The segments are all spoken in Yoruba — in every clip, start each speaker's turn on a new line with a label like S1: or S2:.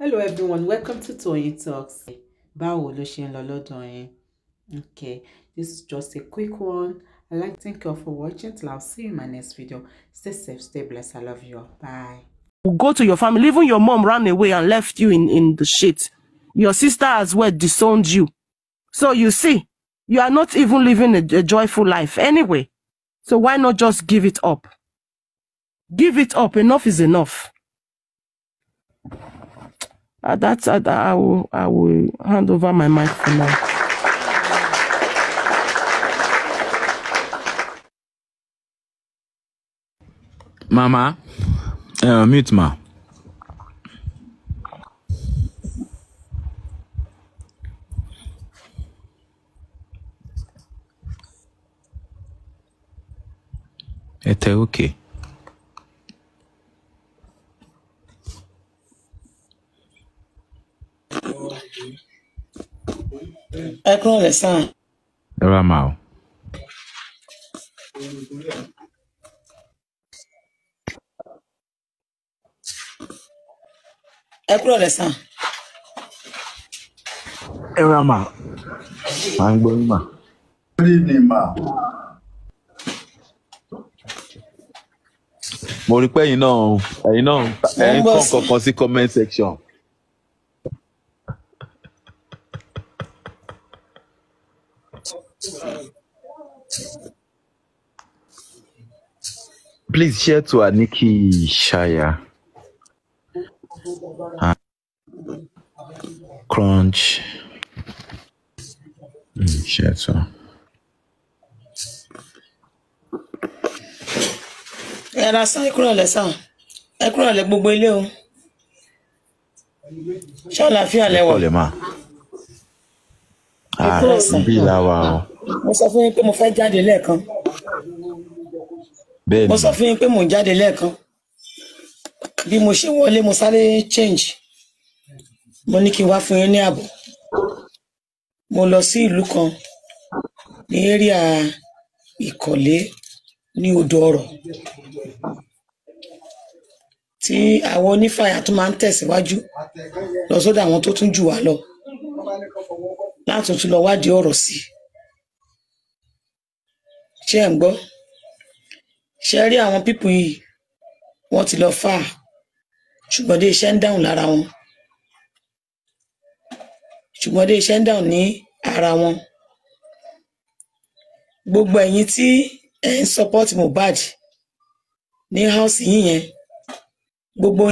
S1: hello everyone welcome to Toyeen Talks báwo ló ṣe ń lọ lọ́dọ̀ yín okay this is just a quick one i like to thank you all for watching till i see you in my next video stay safe stay blessed i love you all bye. go to your family even your mom ran away and left you in in the shit your sister as well disowned you so you see you are not even living a, a joyful life anyway so why not just give it up give it up enough is enough. At that, at that I, will, I will hand over my mic for now. Mama, uh, mute ma. It's okay. ẹ kúrò lẹ sàn. ẹ rà máa o. ẹ kúrò lẹ sàn. ẹ rà máa. máa ń gbọ́ ní mà. ni mà. mo rí pé ẹ̀yin náà ẹ̀yin náà ẹ̀yin kàn kankan sí comment section. Please share to Aniki Shaya. Uh, ah. crunch. Mm, share to. ẹ ra sán ẹkúrọ lẹ sàn ẹkúrọ lẹ gbogbo ilé o ṣọlá fi àlẹ wọ. Ah, bí la wà o. mo sọ fún yín pé mo fẹ́ jáde lẹ́ẹ̀kan. bẹ́ẹ̀ni mo sọ fún yín pé mo ń jáde lẹ́ẹ̀kan. bí mo ṣe wọlé mo sáré change mo ní kí n wá fún yín ní ààbò mo lọ sí ìlú kan ní area ìkọ̀lé ní odò ọ̀rọ̀ tí àwọn onífàyà tó máa ń tẹ̀síwájú lọ sódà àwọn tó tún jù wá lọ láti tún lọ wádìí ọ̀rọ̀ sí ṣé ẹ̀ ń gbọ́ ṣe rí àwọn pípù yìí wọ́n ti lọ fà ṣùgbọ́n dé iṣẹ́ ń dáhùn lára wọn ṣùgbọ́n dé iṣẹ́ ń dáhùn ní ara wọn gbogbo ẹ̀yin tí ẹ̀ ń support Mohbad ní house yìí yẹn gbogbo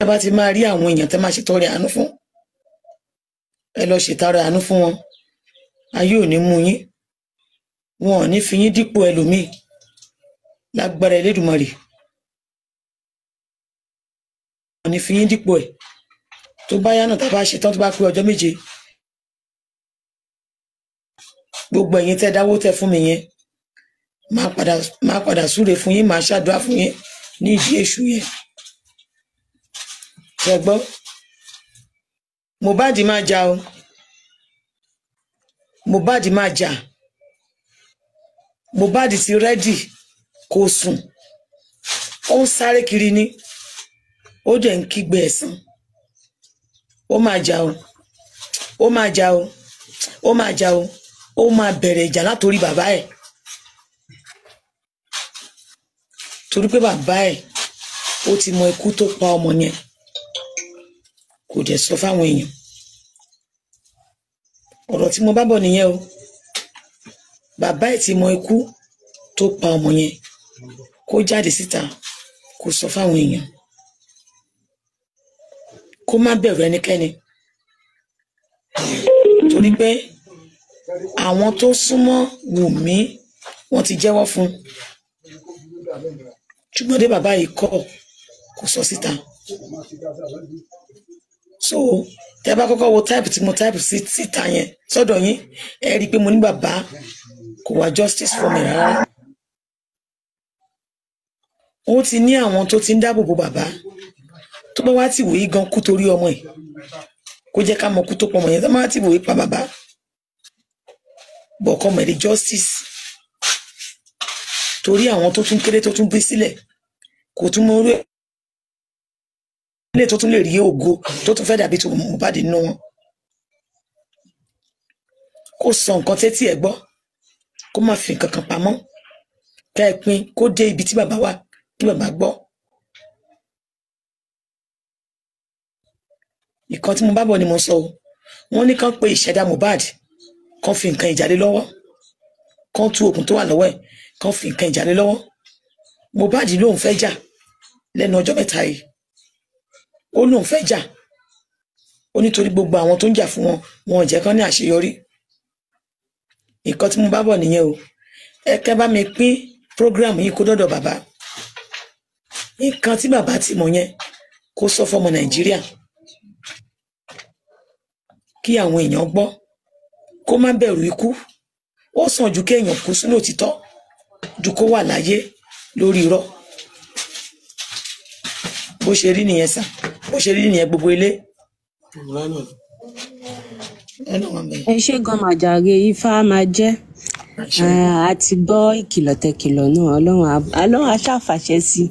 S1: ẹ̀ bá ti máa rí àwọn èèyàn tẹ́ máa ṣètọrẹ àánú fún ẹ lọ ṣètara àánú fún wọn ayé ò ní mú yín wọn ò ní fi yín dípò ẹlòmíì lágbára Elédùmarè wọn ò ní fi yín dípò ẹ tó bá yá náà tá a bá ṣetán tó bá pé ọjọ́ méje gbogbo ẹ̀yin tẹ́ dáwó tẹ́ fún mi yẹn máa padà máa padà súre fún yín máa ṣàdúrà fún yín ní ìdí èṣù yẹn ṣẹgbọ́n. Mohbad máa ja o Mohbad máa Mohbad ti rẹ́dì kò sùn ó ń sáré kiri ni ó ń kígbe ó o ó máa jà o ó máa o ó máa bẹ̀rẹ̀ ìjà látòrí bàbá ẹ̀ torí pé bàbá ẹ̀ ó ti mọ ikú tó pa ọmọ yẹn. kò dẹ̀ sọ fáwọn èèyàn ọ̀rọ̀ tí mo bá bọ̀ nìyẹn o bàbá ẹ̀ ti mọ ikú tó pa ọmọ yẹn kó jáde síta kó sọ fáwọn èèyàn kó má bẹ̀rù ẹnikẹ́ni torí pé àwọn tó súnmọ́ Wùmí wọ́n ti jẹ́wọ́ fún ṣùgbọ́n dé bàbá yìí kọ̀ kó sọ síta so tẹ bá kọ́kọ́ wo táìpù tí mo táìpù sí síta yẹn sọ́dọ̀ yín ẹ rí i pé mo ní bàbá kò wá justice for me rárá ó ti ní àwọn tó ti ń dáàbò bo bàbá tó bá wá ti wòye gan kú torí ọmọ ẹ̀ kó jẹ́ ká mọ kú tó pọ̀ mọ́ yẹn tó bá wá ti wòye pa bàbá bọ̀ kọ́ justice torí àwọn tó tún kéré tó tún bí sílẹ̀ kò tún mọ orí ilé tó tún lè rí ògo tó tún fẹ́ dàbí tó Mohbad nínú wọn kó sọ nǹkan tẹ́tí ẹ̀ gbọ́ kó má fi nǹkan kan pamọ́ ká ẹ pin kó dé ibi tí bàbá wà kí bàbá gbọ́. ìkan tí mo bá bọ̀ ni mo sọ o wọ́n ní kán pe ìṣẹ̀dá Mohbad kán fi nǹkan ìjà lé lọ́wọ́ kán tú okùn tó wà lọ́wọ́ ẹ̀ kán fi nǹkan ìjà lé lọ́wọ́ Mohbad lóun fẹ́ jà lẹ́nu ọjọ́ mẹ́ta yìí ó lóun fẹ́ jà ó nítorí gbogbo àwọn tó ń jà fún wọn wọn ò jẹ́ kán ní àṣeyọrí nǹkan tí mo bá bọ̀ nìyẹn o ẹ kẹ́ bá mi pín program yìí kó dọ́dọ̀ bàbá nǹkan tí bàbá ti mọ̀ yẹn kó sọ fọmọ nàìjíríà kí àwọn èèyàn gbọ́ kó má bẹ̀rù ikú ó sàn ju kéèyàn kú sínú òtítọ́ ju kó wà láyé lórí irọ́ bó ṣe rí nìyẹn sàn bó ṣe rí nìyẹn gbogbo ilé.
S2: ẹ ṣe gan màjàre ifá máa jẹ́ a ti gbọ́ ìkìlọ̀ tẹ̀kìlọ̀ náà ọlọ́run aṣáfàṣẹ sí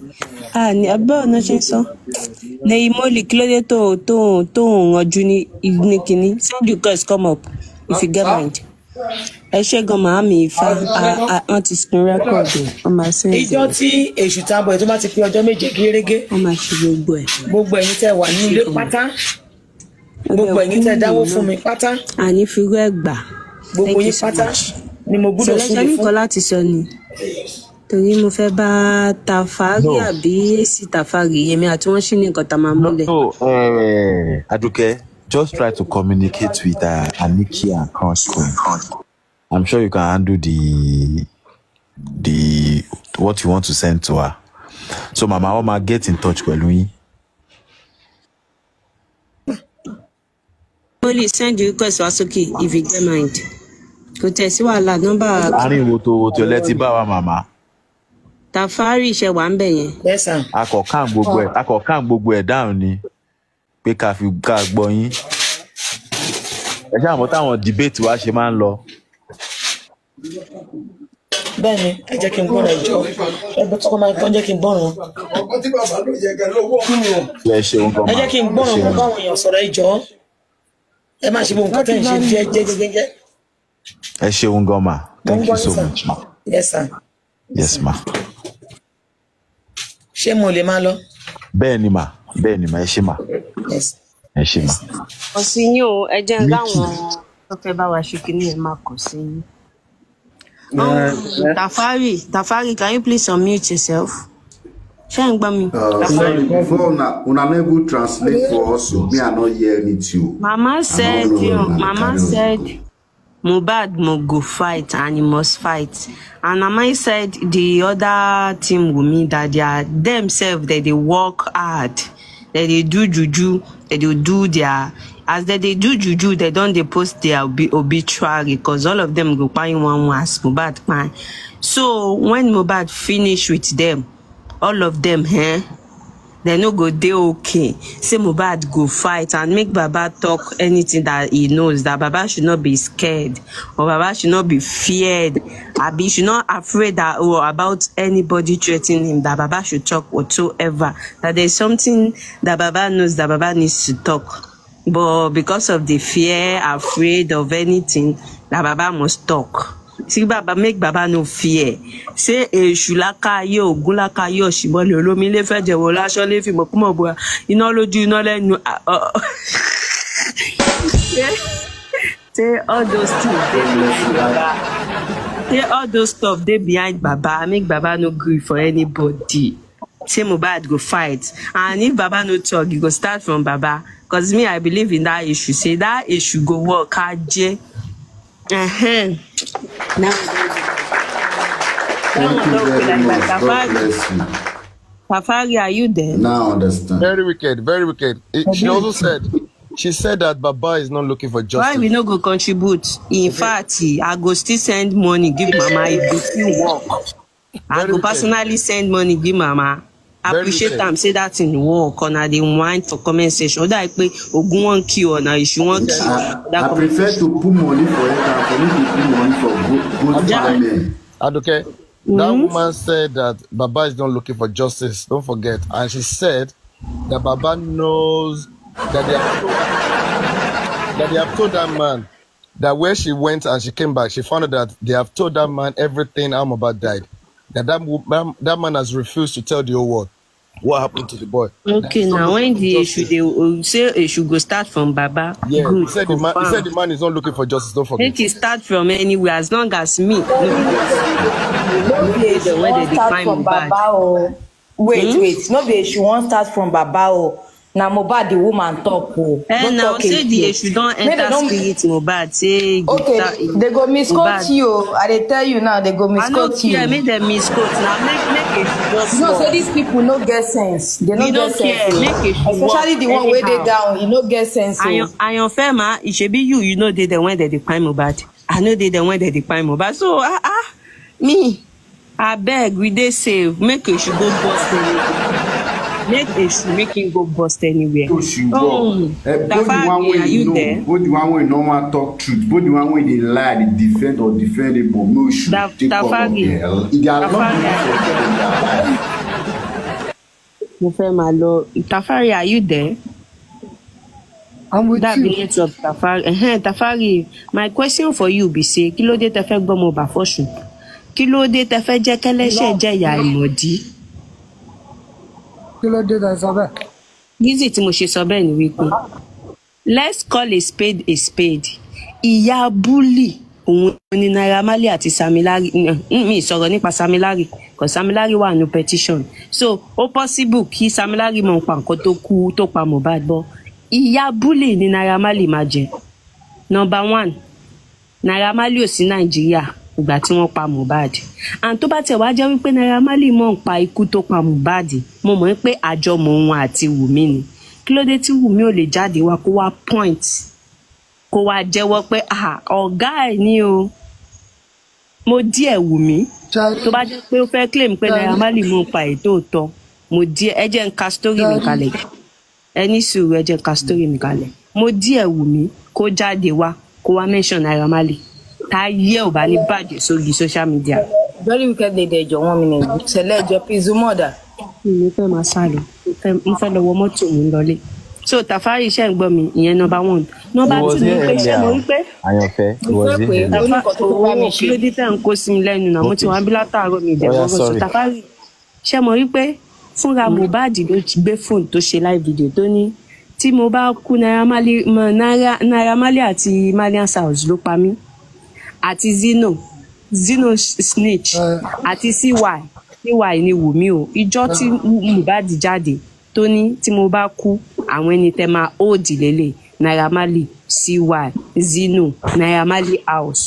S2: i bẹ́ẹ̀ ọ̀nà ṣe sọ lẹ́yìn mọ́lì kí ló dé tó tó tó rànjú ní kíní send request come up if ẹ ṣe gan màámi ifá wọn ti skin record wọn máa ṣe é.
S1: ìjọ tí èṣù tábọ̀ ẹ̀ tó bá ti pé ọjọ́ méje gérégé. wọ́n máa ṣe gbogbo ẹ̀. gbogbo ẹ̀yin tẹ́ wà ní ilé pátá gbogbo ẹ̀yin tẹ́ dáwó fún mi pátá. àní
S2: firú ẹ̀ gbà. gbogbo yín pátá
S1: ni mo gbúdọ̀ súnlẹ̀ fún. sọlẹ́sẹ̀ nìkan
S2: láti sọ ni torí mo fẹ́ bá tafari àbí èsì tafari yẹmi àti wọ́n ṣì ní nǹkan
S1: tá a máa múlẹ̀. Eh, Dókítà Àdùkẹ́ just try to communicate with uh, Aniki and Crunchcoin. I'm sure you can handle the the what you want to send to her. So Mama Oma, get in touch pẹ̀lú yín.
S2: Only send you request wá sókè if you don't mind. Kò tẹ̀ sí wàhálà nọ́mbà. Láàárín wo tó wo tó lẹ́tí bá wa màmá. Tàfárì ìṣẹ̀wà ń bẹ̀ yẹn.
S1: Akọ̀kan gbogbo ẹ̀ akọ̀kan pé ká fi ká gbọ́ yín ẹ ṣáà mọ̀ táwọn debate wa ṣe máa ń lọ. bẹ́ẹ̀ni ẹ jẹ́ kí n gbọ́dọ̀ ìjọ ẹ bẹ tọkọ máa tán jẹ́ kí n gbọ́ràn wọn. ẹ ṣeun gan ma ẹ jẹ́ kí n gbọ́ràn wọn báwọn èèyàn sọ̀rọ̀ ìjọ ẹ má ṣe bó nǹkan tẹ̀ ń ṣe jẹ́ jẹ́ jẹ́ jẹ́. ẹ ṣeun gan thank you so much ma. yes sir. yes ma. ṣé mo lè máa lọ. bẹ́ẹ̀ ma bẹ́ẹ̀ ni ẹ ṣe mà ẹ ṣe mà.
S2: ọ̀sìn yín o ẹ jẹ́ láwọn tó fẹ́ bá wa ṣe kínní ẹ̀ máa kọ̀ sí yín. Um, Tafari, Tafari, can you please unmute yourself? Ṣé ń gbọ́ mi? Uh, before
S1: una una no even translate for us o, me I no hear anything o.
S2: Mama said, Mama said, Mohbad mo go fight and he must fight. And Mama said the other team Wunmi that they are themselves that they work hard dem dey do juju dem dey do their as dem dey do juju dem don dey post their obi obituary because all of them go kpai one one as mohbad kpai so when mohbad finish with them all of them eh, dem no go dey okay say mohbad go fight and make baba talk anything that he knows that baba should not be scared or baba should not be feared abi should not afraid that or about anybody threatening him that baba should talk whatsoever that there is something that baba knows that baba needs to talk but because of the fear afraid of anything that baba must talk. See, Baba, make Baba no fear. Say, eh, Shulaka yo, Gulaka yo, Shibole, Olomi, Lefe, Jewola, Shole, Fimo, Kumo, Bua, Iná lójú, iná lẹ́nu. Say, all those things, they love Baba. Say, all those stuff, they behind Baba. Make Baba no grieve for anybody. Say, Mohbad go fight. And if Baba no talk, you go start from Baba. Because me, I believe in that issue. Say, that issue go work, Ajay. Ahem. Now, Thank you very much. God
S1: bless you.
S2: Safari, are you there? Now understand.
S1: Very wicked, very wicked. It, she also said, she said that Baba is not looking for justice. Why we
S2: no go contribute? In fact, I go still send money, give Mama if you still work. I go personally send money, give Mama. appreciate am say that in won corner dey whine for comment section oda i pe ogun wan kill ọ̀nà ìṣù wan kill. i prefer to put
S1: money for it and for me to put money for good both family. aduke that mm-hmm. woman said that baba is not looking for justice don't forget and she said that baba knows that they have told, that they have told that man that where she went and she came back she found out that they have told that man everything Am about died that, that that man has refused to tell the whole world what happened to the boy. Okay, so now when
S2: the issue they uh, say issue go start from Baba. Yeah, Good, he said the man. He said the
S1: man is not looking for
S2: justice. Don't forget. Make it start from anywhere as long as me.
S1: No,
S2: be issue wan hmm? start from Baba o. Oh. Wait, hmm? wait. No be issue wan start from Baba o na mohbad the woman talk o. Oh. Eh, no say the issue don enter don't... spirit mohbad say okay they go misquote you i dey tell you now they go misquote you. i no care make dem misquote na make make issue just work. you know say these people no get sense they no get sense o oh. especially the one wey dey down e no get sense o. Oh. ayan fema shebi you you no dey there when dem dey kpai mohbad i no dey there when dem dey kpai mohbad so ah ah me abeg we dey safe make issue go burst for you make èṣù make him go bust anywhere. Oh,
S1: oh eh, wọ both the one wey you know both the one wey you normal talk truth both the one wey dey lie dey defend or defend able no should take up on them e dey allow you to
S2: mo fẹ́ máa lọ Tafari are you there? I'm with that you. village of Tafari uh-huh, Tafari my question for you be say kí ló dé tẹ fẹ́ gbọ́mọ bàfọ́sùn kí ló dé tẹ fẹ́ jẹ́ kẹ́lẹ́ṣẹ̀ jẹ́
S1: kí ló dé sọ bẹ́ẹ̀.
S2: gízì tí mo ṣe sọ bẹ́ẹ̀ ni wípé let's call a spade a spade ìyá búlì òun ni naira marley àti samilari mm, mi sọ̀rọ̀ nípa samilari kò samilari wà ní petition so ó possible kí samilari mọ̀ pa nǹkan tó kú tó pa mohbad bọ́ ìyá búlì ni naira marley máa jẹ number one naira marley ò sí nàìjíríà ìgbà tí wọ́n pa Mohbad and tó bá tiẹ̀ wá jẹ́ wípé Naira Marley mọ̀ ń pa ikú tó pa Mohbad mo mọ̀ pé àjọmọ̀ òun àti Wùmí ni kí ló dé tí Wùmí ò lè jáde wá kó wá point kó wá jẹ́wọ́ pé ah, ọ̀gá ẹ̀ ni o mo díẹ̀ Wùmí tó bá jẹ́ pé ó fẹ́ claim pé Naira Marley mọ̀ ń pa ètò òótọ́ mo díẹ̀ ẹ jẹ́ ń ka story mi kalẹ̀ ẹ sùúrù ẹ jẹ́ ń ka story mi kalẹ̀ mo díẹ̀ Wùmí kó jáde wá kó wá mention Naira Marley táyé ò bá ní bàjẹ́ sórí social media. very wicked lady ẹjọ wọn mi nìyí ṣẹlẹ ẹjọ pizu mọdà. mo fẹ́ máa sá lọ mo fẹ́ lọ wọ mọ́tò mi lọlé so tàfárí iṣẹ́ ń gbọ́ mi ìyẹn nọmba one nọmba two ni pé ṣé mo rí pé
S1: àyànfẹ́ wọ́n sí ẹ̀yà owó
S2: kílódé tẹ̀ ń kó sí mi lẹ́nu náà mo ti wá bí látàárọ̀ mi ìdẹ̀wọ́ oh, so tàfárí ṣé mo rí pé fúnra Mohbad ló gbé fóònù tó ṣe live video tó ní tí mo bá kú Naira Marley àti Marlian House ló pa mí àti Zino Zino snitch eh. àti cy cy ni Wùmí o ìjọ tí eh. Mohbad jáde tó ní tí mo bá kú àwọn ẹni tẹ máa hold lélẹ̀ Naira Marley cy Zino Naira Marley house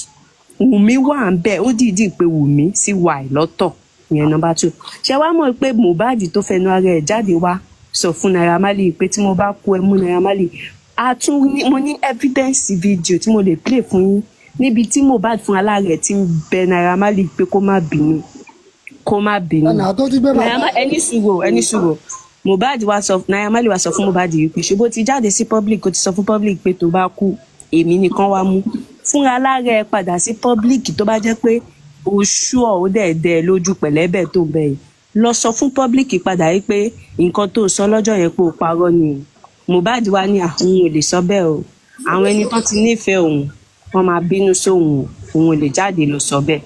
S2: Wùmí wà ń bẹ̀ ó dìídì pé Wùmí cy lọ́tọ̀ yẹn nọ́mbà two ṣé wàá mọ̀ pé Mohbad tó fẹnu ara ẹ̀ jáde wá sọ fún Naira Marley pé tí mo bá kú ẹ mú Naira Marley a tún mo ní evidence video tí mo lè play fún yín níbi tí Mohbad fún aláàrẹ ti ń bẹ Naira Marley pé kó má bínú kó má bínú ẹni sùúrù ẹni sùúrù Mohbad wa sọ Naira Marley wa sọ fún Mohbad yìí pé ṣùgbọ́n ti jáde sí public ó ti sọ fún public pé tó bá kú èmi nìkan wá mú fúnra aláàrẹ padà sí public tó bá jẹ́ pé oṣù ọ̀hún dẹ̀ẹ̀dẹ̀ lójú pẹ̀lẹ́bẹ̀ tó bẹ̀yìí lọ sọ fún pọ́blíkì padà yìí pé nǹkan tó sọ lọ́jọ́ yẹn pé ó parọ́ ni Mohbad wa ní àwọn ah, ò lè sọ bẹ́ẹ̀ o àwọn ẹni tó ti nífẹ̀ẹ́ òun wọ́n máa bínú sóhun òun ò lè jáde lọ sọ bẹ́ẹ̀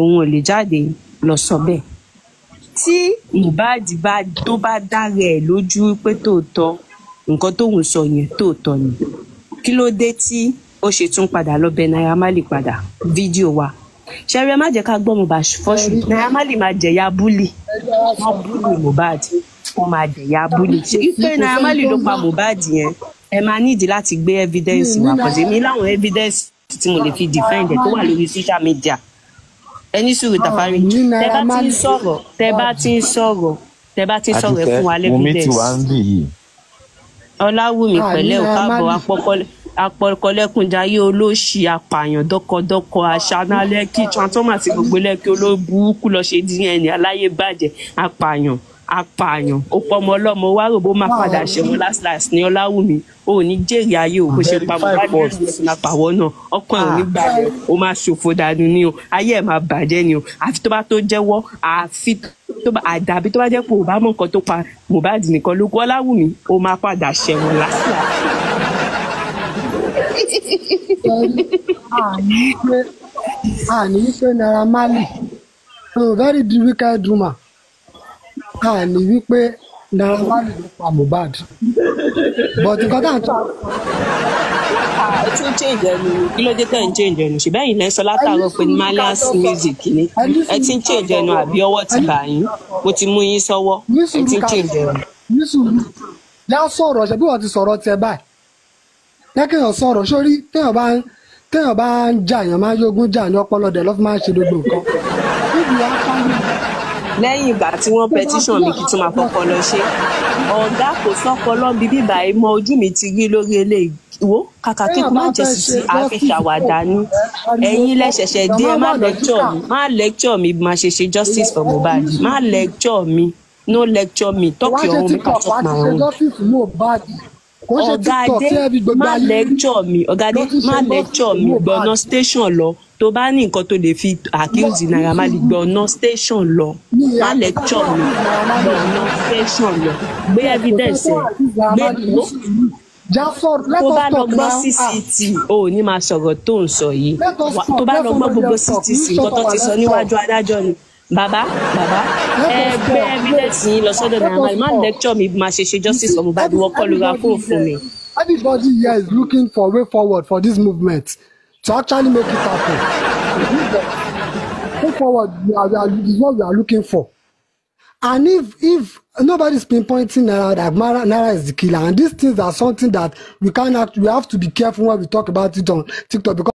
S2: òun ò lè jáde lọ sọ bẹ́ẹ̀ tí Mohbad bá tó bá dára ẹ̀ lójú pé tòótọ́ nǹkan tóun sọ yẹn tòótọ́ ni kí ló dé tí ó ṣe tún padà lọ bẹ Naira Marley padà fídíò wa ṣẹrí ẹ má jẹ́ ká gbọ́ Mohbad fọṣù Naira Marley máa jẹ̀yà búlì wọ́n búlì Mohbad wọ́n máa jẹ̀yà búlì ṣe ife Naira Marley ló pa Mohbad yẹn ẹ máa nídìí láti gbé evidence wá kàn sí mi láwọn evidence tí mo lè fi defend ẹ tó wà lórí social media ẹni sùúrù tàfàrí ah, tẹ bá ti ń sọ̀rọ̀ tẹ bá ti ń sọ̀rọ̀ tẹ bá ti ń sọ̀rọ̀ ẹ fún wa lẹ́fídẹ́sì ọláwùmí ah, pẹ̀lẹ́ ò káàbọ̀ apọ̀kọlẹ́kùnjayé olóṣì apààyàn dọ́kọdọ́kọ aṣanálẹ́kì transformer ti gbogbo lẹ́kì olóburúkú lọ́ọ́ ṣe dna aláyé bàjẹ́ apààyàn apààyàn ó ọmọ ọlọmọ wá rò bó máa padà ṣẹ̀wọ̀n last last ní ọláwùmí ó ní jèrè ayé ò bó ṣe pa Mohbad lẹ́yìn àpàwọ náà ọkàn ò ní ah. balẹ̀ ó máa ṣòfò dànù ni o ayé ẹ máa bàjẹ́ ni o àfi tó bá tó jẹ́wọ́ àfi tó bá àdàbí tó bá jẹ́ pé ò mọ nǹkan tó pa Mohbad nìkan ló kú ọláwùmí ó máa padà ṣẹ̀wọ̀n last last.
S1: àní wípé naira marley so very wicked woman. ha ni wípé na Marley ló Mohbad but nǹkan tá à ń tọ́ ah, tún change ẹnu
S2: kí ló dé ń change ẹnu ṣùgbọ́n ẹ̀yin lẹ́sọ látàárọ̀ pé malias music ni ẹ ti ń change ẹnu àbí ọwọ́ ti bà yín mo ti mú yín sọ́wọ́ ẹ ti ń change ẹnu.
S1: yá sọ̀rọ̀ ṣe bí wọ́n ti sọ̀rọ̀ tiẹ̀ báyìí yá kéèyàn sọ̀rọ̀ sórí téèyàn bá téèyàn bá ń jà yàn máa ń jà ní ọpọlọ dẹ̀ lọ́fún máa ń ṣe gbogbo nǹkan.
S2: lẹ́yìn ìgbà tí wọ́n petition mi kí tún máa fọkọ lọ ṣe ọ̀gá kò sọ́kọ lọ́bi bíbá ẹ̀ mọ ojú mi ti rí lórí eléyìí wo kàkà kí má jẹ sisi àfi ni ẹ̀yin lẹ dé má lecture mi má lecture mi má ṣe ṣe justice for Mohbad má lecture mi no lecture me talk your own make i talk
S1: my ọ̀gádé má lecture
S2: mi ọ̀gádé má lecture mi gbọ̀nà station lọ tó bá ní nǹkan tó lè fi accuse Naira Marley gbọ̀nà station lọ má lecture mi gbọ̀nà station lọ gbé evidence ẹ̀
S1: gbé ìlú tó bá lọ gbọ́ cct
S2: ah. o ò ní máa sọ̀rọ̀ tó ń sọ yìí tó bá lọ gbọ́ gbogbo cct nǹkan tó ti sọ níwájú adájọ́ ni bàbá bàbá ẹ gbé evidence yín lọ sọ́dọ̀ náà my man lecture mi máa ṣe ṣe justice for Mohbad wọ́n kọ́ ló ra fóònù fún mi.
S1: everybody here is looking for way forward for this movement to actually make it happen. way forward we are, we are, is what we are looking for. And if if nobody is pinpointing Naira that Naira is the killer, and these things are something that we cannot, we have to be careful when we talk about it on TikTok because.